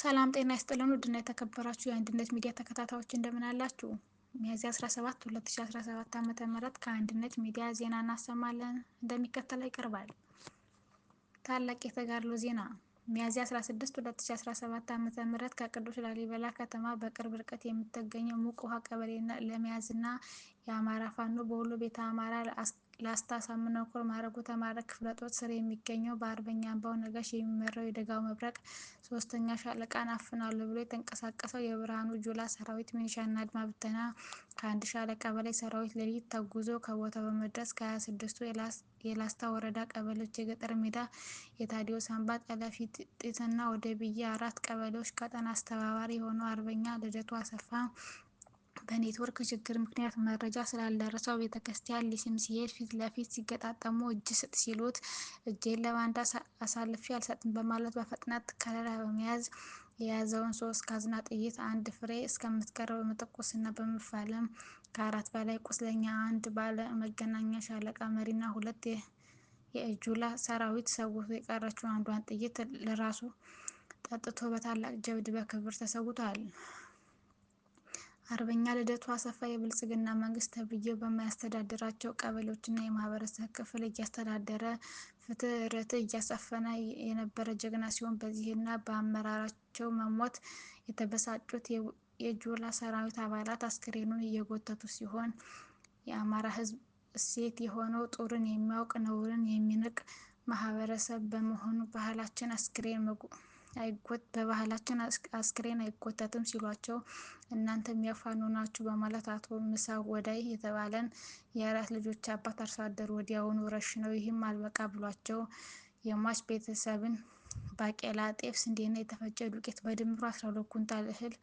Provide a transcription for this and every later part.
ሰላም ጤና ይስጥልን ውድና የተከበራችሁ የአንድነት ሚዲያ ተከታታዮች እንደምን አላችሁ? ሚያዝያ 17 2017 ዓ.ም ከአንድነት ሚዲያ ዜና እናሰማለን፣ እንደሚከተለው ይቀርባል። ታላቅ የተጋድሎ ዜና ሚያዝያ 16 2017 ዓ.ም ከቅዱስ ላሊበላ ከተማ በቅርብ ርቀት የምትገኘው ሙቅ ውሃ ቀበሌ ለመያዝና የአማራ ፋኖ በወሎ ቤተ አማራ ላስታ ሳምና ኮር ማረጉ ተማረ ክፍለ ጦር ስር የሚገኘው በአርበኛ አምባው ነጋሽ የሚመራው የደጋው መብረቅ ሶስተኛ ሻለቃን አፍናለሁ ብሎ የተንቀሳቀሰው የብርሃኑ ጁላ ሰራዊት ሚኒሻና አድማ ብተና ከአንድ ሻለቃ በላይ ሰራዊት ሌሊት ተጉዞ ከቦታው በመድረስ ከሀያ ስድስቱ የላስታ ወረዳ ቀበሌዎች የገጠር ሜዳ፣ የታዲዮስ አምባ፣ ጠለፊጢትና ወደ ብዬ አራት ቀበሌዎች ቀጠና አስተባባሪ የሆነው አርበኛ ልደቱ አሰፋ በኔትወርክ ችግር ምክንያት መረጃ ስላልደረሰው ቤተ ክርስቲያን ሊስም ሲሄድ ፊት ለፊት ሲገጣጠሙ እጅ ስጥ ሲሉት እጄን ለባንዳ አሳልፌ አልሰጥም በማለት በፍጥነት ከለላ በመያዝ የያዘውን ሶስት ካዝና ጥይት አንድ ፍሬ እስከምትቀረው እና በመፋለም ከአራት በላይ ቁስለኛ፣ አንድ ባለ መገናኛ ሻለቃ መሪና ሁለት የእጁላ ሰራዊት ሰውቶ የቀረችውን አንዷን ጥይት ለራሱ ጠጥቶ በታላቅ ጀብድ በክብር ተሰውቷል። አርበኛ ልደቱ አሰፋ የብልጽግና መንግስት ተብዬው በማያስተዳድራቸው ቀበሌዎችና የማህበረሰብ ክፍል እያስተዳደረ ፍትህ፣ ርትዕ እያሰፈነ የነበረ ጀግና ሲሆን በዚህና በአመራራቸው መሞት የተበሳጩት የጆላ ሰራዊት አባላት አስክሬኑን እየጎተቱ ሲሆን የአማራ ህዝብ እሴት የሆነው ጦርን የሚያውቅ ነውርን የሚንቅ ማህበረሰብ በመሆኑ ባህላችን አስክሬን አይጎት በባህላችን አስክሬን አይጎተትም ሲሏቸው እናንተ የሚያፋኑ ናችሁ በማለት አቶ ምሳ ወዳይ የተባለን የአራት ልጆች አባት አርሶ አደር ወዲያውኑ ነው ይህም አልበቃ ብሏቸው የሟች ቤተሰብን ባቄላ፣ ጤፍ፣ ስንዴና የተፈጨ ዱቄት በድምሩ 12 ኩንታል እህል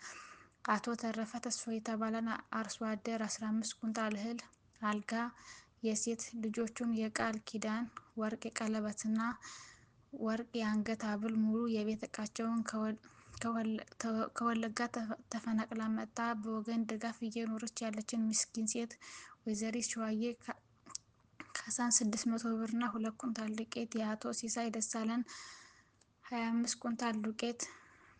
አቶ ተረፈ ተስፎ የተባለን አርሶ አደር 15 ኩንታል እህል አልጋ፣ የሴት ልጆቹን የቃል ኪዳን ወርቅ ቀለበትና ወርቅ የአንገት ሐብል ሙሉ የቤት እቃቸውን ከወለጋ ተፈናቅላ መጣ በወገን ድጋፍ እየኖረች ያለችን ምስኪን ሴት ወይዘሪት ሸዋዬ ካሳን 600 ብርና ሁለት ኩንታል ዱቄት፣ የአቶ ሲሳይ ደሳለን 25 ኩንታል ዱቄት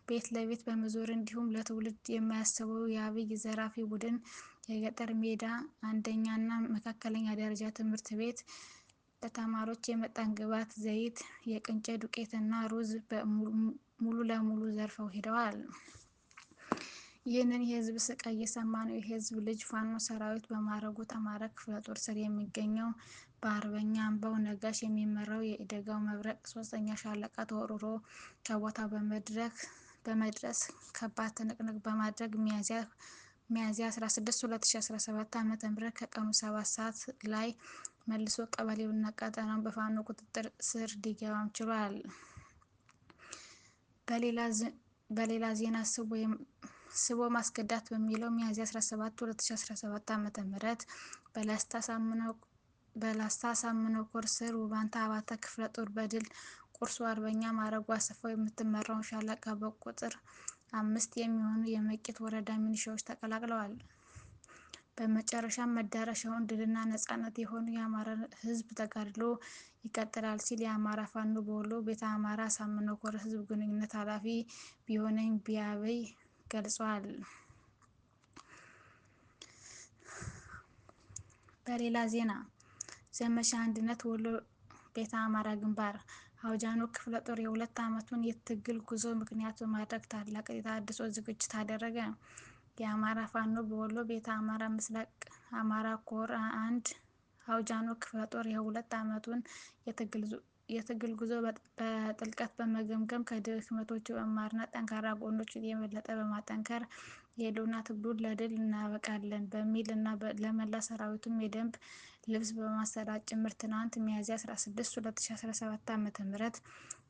ቤት ለቤት በመዞር እንዲሁም ለትውልድ የማያስበው የአብይ ዘራፊ ቡድን የገጠር ሜዳ አንደኛና መካከለኛ ደረጃ ትምህርት ቤት ለተማሪዎች የመጠን ግብዓት ዘይት፣ የቅንጨ ዱቄት እና ሩዝ ሙሉ ለሙሉ ዘርፈው ሄደዋል። ይህንን የህዝብ ስቃይ እየሰማ ነው የህዝብ ልጅ ፋኖ ሰራዊት በማረጉ ተማረ ክፍለ ጦር ስር የሚገኘው በአርበኛ አምባው ነጋሽ የሚመራው የኢደጋው መብረቅ ሶስተኛ ሻለቃ ተወርሮ ከቦታው በመድረስ ከባድ ትንቅንቅ በማድረግ ሚያዝያ ሚያዝያ 16 2017 ዓ.ም ከቀኑ 7 ሰዓት ላይ መልሶ ቀበሌውና ቀጠናው በፋኖ ቁጥጥር ስር ሊገባም ችሏል። በሌላ ዜና ስቦ ማስገዳት በሚለው ሚያዝያ 17 2017 ዓ.ም በላስታ ሳምነው ኮር ስር ውባንታ አባተ ክፍለ ጦር በድል ቁርሱ አርበኛ ማረጉ አሰፋው የምትመራውን ሻለቃ በቁጥር አምስት የሚሆኑ የመቄት ወረዳ ሚኒሻዎች ተቀላቅለዋል። በመጨረሻም መዳረሻውን ድልና ነጻነት የሆኑ የአማራ ህዝብ ተጋድሎ ይቀጥላል ሲል የአማራ ፋኖ በወሎ ቤተ አማራ ሳምኖ ኮር ህዝብ ግንኙነት ኃላፊ ቢሆነኝ ቢያበይ ገልጿል። በሌላ ዜና ዘመቻ አንድነት ወሎ ቤተ አማራ ግንባር አውጃኖ ክፍለ ጦር የሁለት ዓመቱን የትግል ጉዞ ምክንያት በማድረግ ታላቅ የተሃድሶ ዝግጅት አደረገ። የአማራ ፋኖ በወሎ ቤተ አማራ ምስራቅ አማራ ኮር አንድ አውጃኖ ክፍለ ጦር የሁለት ዓመቱን የትግል ጉዞ በጥልቀት በመገምገም ከድክመቶቹ በመማርና ጠንካራ ጎኖች የበለጠ በማጠንከር የህልውና ትግሉን ለድል እናበቃለን በሚል እና ለመላ ሰራዊቱም የደንብ ልብስ በማሰራት ጭምር ትናንት ሚያዝያ 16 2017 ም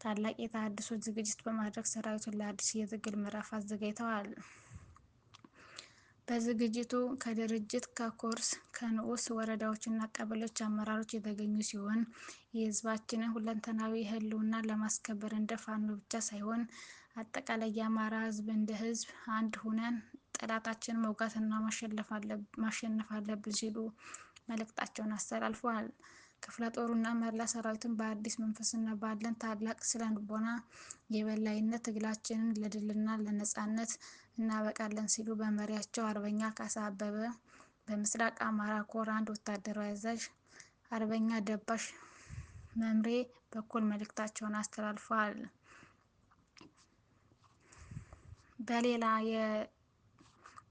ታላቅ የተሃድሶ ዝግጅት በማድረግ ሰራዊቱን ለአዲስ የትግል ምዕራፍ አዘጋጅተዋል። በዝግጅቱ ከድርጅት ከኮርስ ከንዑስ ወረዳዎችና ቀበሌዎች አመራሮች የተገኙ ሲሆን የህዝባችንን ሁለንተናዊ ህልውና ለማስከበር እንደ ፋኖ ብቻ ሳይሆን አጠቃላይ የአማራ ህዝብ እንደ ህዝብ አንድ ሆነን ጠላታችንን መውጋትና ማሸነፍ አለብን ሲሉ መልእክታቸውን አስተላልፈዋል። ክፍለ ጦሩና መላ ሰራዊቱን በአዲስ መንፈስና ባለን ታላቅ ስነ ልቦና የበላይነት ትግላችንን ለድልና ለነጻነት እናበቃለን ሲሉ በመሪያቸው አርበኛ ካሳ አበበ፣ በምስራቅ አማራ ኮር አንድ ወታደራዊ አዛዥ አርበኛ ደባሽ መምሬ በኩል መልእክታቸውን አስተላልፈዋል።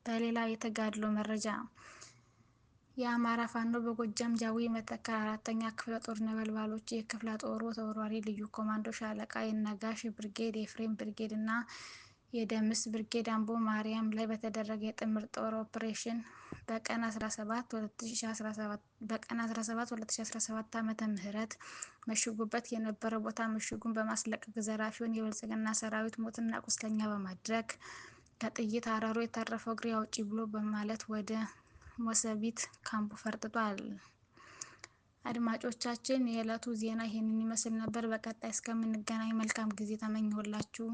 በሌላ የተጋድሎ መረጃ የአማራ ፋኖ በጎጃም ጃዊ መተከል አራተኛ ክፍለ ጦር ነበልባሎች የክፍለ ጦሩ ተወርዋሪ ልዩ ኮማንዶ ሻለቃ የነጋሽ ብርጌድ፣ የፍሬም ብርጌድ እና የደምስ ብርጌድ አምቦ ማርያም ላይ በተደረገ የጥምር ጦር ኦፕሬሽን በቀን 17 2017 ዓመተ ምህረት መሽጉበት የነበረ ቦታ ምሽጉን በማስለቀቅ ዘራፊውን የብልጽግና ሰራዊት ሞትና ቁስለኛ በማድረግ ከጥይት አረሩ የተረፈው እግሬ አውጪ ብሎ በማለት ወደ ሞሰቢት ካምፑ ፈርጥጧል። አድማጮቻችን፣ የዕለቱ ዜና ይህንን ይመስል ነበር። በቀጣይ እስከምንገናኝ መልካም ጊዜ ተመኘሁላችሁ።